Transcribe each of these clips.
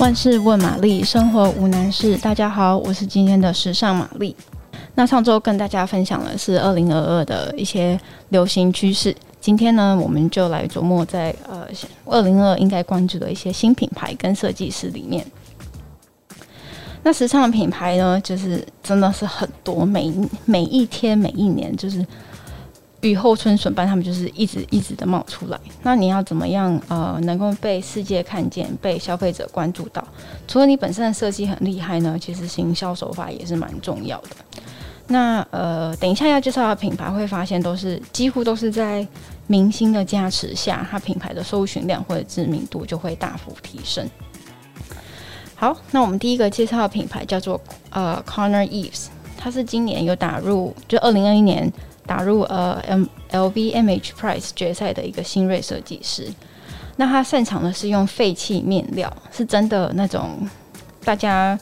萬事問瑪麗，生活無難事。大家好，我是今天的時尚瑪麗。那上周跟大家分享的是二零二二的一些流行趨勢，今天呢，我們就來琢磨在呃二零二二應該關注的一些新品牌跟設計師裡面。那時尚品牌呢，就是真的是很多，每每一天每一年就是。雨後春筍般，他們就是一直一直的冒出來。那你要怎麼樣呃，能夠被世界看見，被消費者關注到？除了你本身的設計很厲害呢，其實行銷手法也是蠻重要的。那呃，等一下要介紹的品牌會發現，都是幾乎都是在明星的加持下，他品牌的搜尋量或者知名度就會大幅提升。好，那我們第一個介紹的品牌叫做呃，Conner Ives，他是今年有打入，就二零二一年。打入呃 L V M H Prize 決賽的一個新銳設計師，那他擅長的是用廢棄面料，是真的那種大家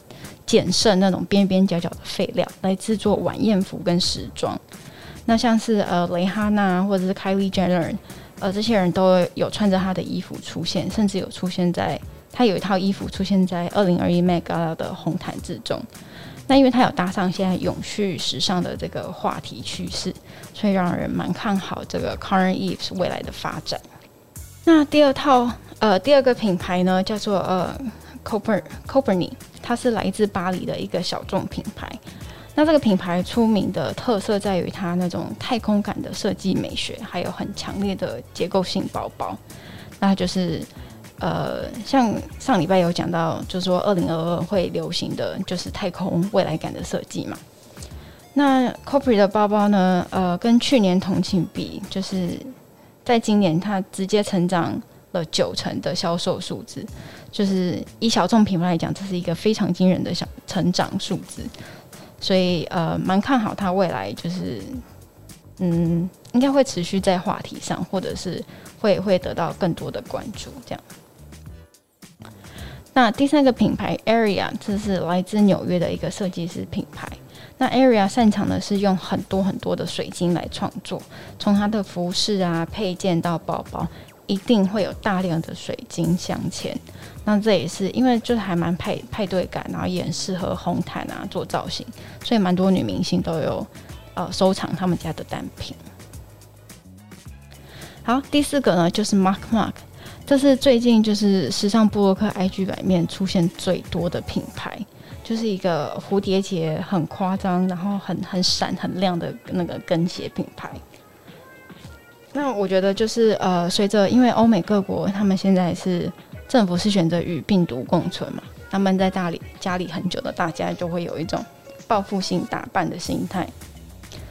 撿剩那種邊邊角角的廢料來製作晚宴服跟時裝。那像是呃蕾哈娜或者是 Kylie Jenner，呃這些人都有穿着他的衣服出現，甚至有出現在他有一套衣服出現在二零二一 Met Gala 的紅毯之中。那因為他有搭上現在永續時尚的這個話題趨勢。所以讓人蠻看好這個 Current Eve 未來的發展。那第二套呃第二個品牌呢，叫做呃 Coperni Coperni 它，是來自巴黎的一個小眾品牌。那這個品牌出名的特色在於它那種太空感的設計美學，還有很強烈的結構性包包。那就是呃像上禮拜有講到，就是說二零二二會流行的就是太空未來感的設計嘛。那 Coppery 的包包呢？呃，跟去年同期比，就是在今年它直接成長了九成的銷售數字，就是以小眾品牌來講，這是一個非常驚人的小成長數字。所以呃，蠻看好它未來，就是嗯，應該會持續在話題上，或者是會會得到更多的關注，這樣。那第三個品牌 Area，這是來自紐約的一個設計師品牌。那 Area 擅長的是用很多很多的水晶來創作，從它的服飾啊、配件到包包，一定會有大量的水晶鑲嵌。那這也是因為就是還蠻派派對感，然後也適合紅毯啊做造型，所以蠻多女明星都有呃收藏他們家的單品。好，第四個呢就是 Mark Mark。這是最近就是時尚部落客 IG 版面出現最多的品牌，就是一個蝴蝶結很誇張，然後很很閃很亮的那個跟鞋品牌。那我覺得就是呃，隨着因為歐美各國他們現在是政府是選擇與病毒共存嘛，他們在家裡家裡很久的，大家就會有一種報復性打扮的心態，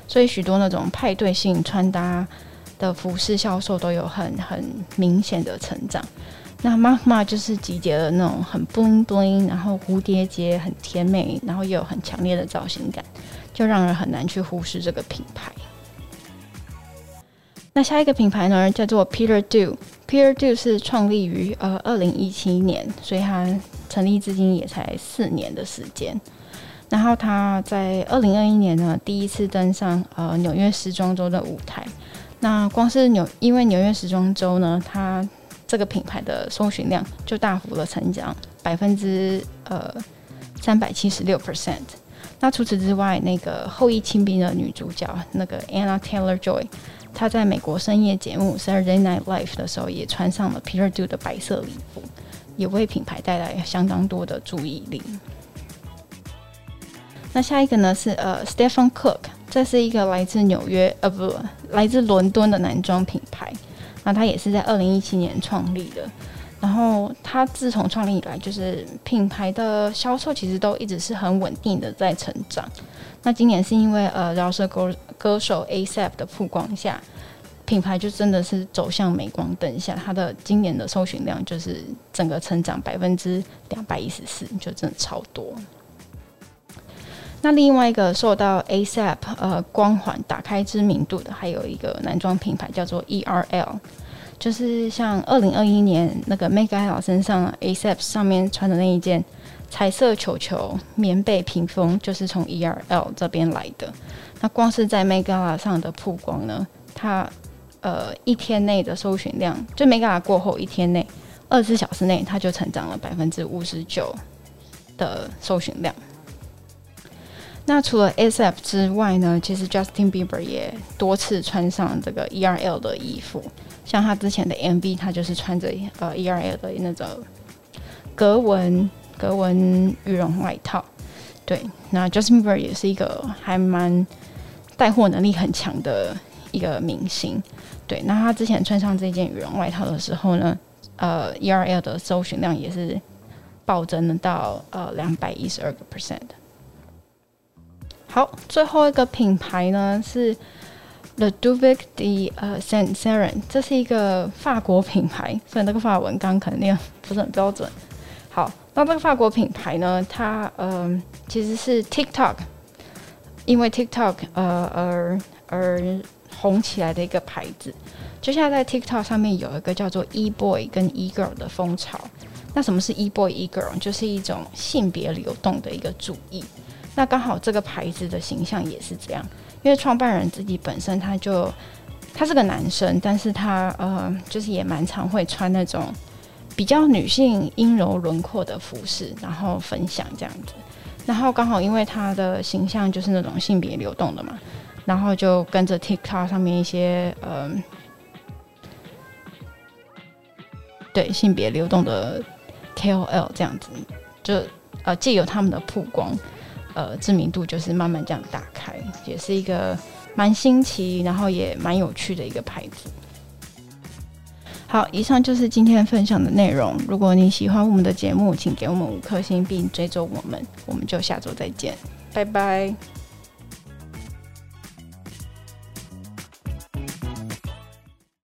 所以許多那種派對性穿搭。的服飾銷售都有很很明顯的成長。那 Mach & Mach 就是集結了那種很 bling bling，然後蝴蝶結很甜美，然後又有很強烈的造型感，就讓人很難去忽視這個品牌。那下一個品牌呢，叫做 Peter Do。Peter Do 是創立於呃二零一七年，所以它成立至今也才四年的時間。然後他在二零二一年呢，第一次登上呃紐約時裝周的舞台。那光是紐，因為紐約時裝周呢，它這個品牌的搜尋量就大幅的成長百分之呃三百七十六 percent。那除此之外，那個《後翼棄兵》的女主角那個 Anya Taylor-Joy，她在美國深夜節目 Saturday Night Live 的時候也穿上了 Peter Do 的白色禮服，也為品牌帶來相當多的注意力。那下一個呢是呃 Stefan Cook，這是一個來自紐約呃不來自倫敦的男裝品牌，那他也是在二零一七年創立的，然後他自從創立以來，就是品牌的銷售其實都一直是很穩定的在成長。那今年是因為呃饒舌歌歌手 A$AP 的曝光下，品牌就真的是走向鎂光燈下，他的今年的搜尋量就是整個成長百分之兩百一十四，就真的超多。那另外一個受到 ASAP 呃光環打開知名度的，還有一個男裝品牌叫做 ERL，就是像二零二一年那個 Met Gala 身上 ASAP 上面穿的那一件彩色球球棉被屏風，就是從 ERL 這邊來的。那光是在 Met Gala 上的曝光呢，它呃一天內的搜尋量，就 Met Gala 過後一天內二十四小時內，它就成長了百分之五十九的搜尋量。那除了 S F 之外呢，其實 Justin Bieber 也多次穿上這個 E R L 的衣服。像他之前的 MV，他就是穿着呃 E R L 的那種格紋格紋羽絨外套。對，那 Justin Bieber 也是一個還蠻帶貨能力很強的一個明星。對，那他之前穿上這件羽絨外套的時候呢，呃，E R L 的搜尋量也是暴增了到呃兩百一十二個 percent。好，最後一個品牌呢是 Ludovic de Saint Sernin，這是一個法國品牌，所以那個法文剛肯定不是很標準。好，那這個法國品牌呢，它嗯、呃，其實是 TikTok，因為 TikTok 呃而，而紅起來的一個牌子，就像在，在 TikTok 上面有一個叫做 E Boy 跟 E Girl 的風潮。那什麼是 E Boy E Girl？就是一種性別流動的一個主義。那剛好這個牌子的形象也是這樣，因為創辦人自己本身他就他是個男生，但是他呃，就是也蠻常會穿那種比較女性陰柔輪廓的服飾，然後分享這樣子。然後剛好因為他的形象就是那種性別流動的嘛，然後就跟着 TikTok 上面一些呃對性別流動的 KOL 這樣子，就呃借由他們的曝光。呃，知名度就是慢慢這樣打開，也是一個蠻新奇，然後也蠻有趣的一個牌子。好，以上就是今天分享的內容。如果你喜歡我們的節目，請給我們五顆星，並追蹤我們，我們就下周再見，拜拜。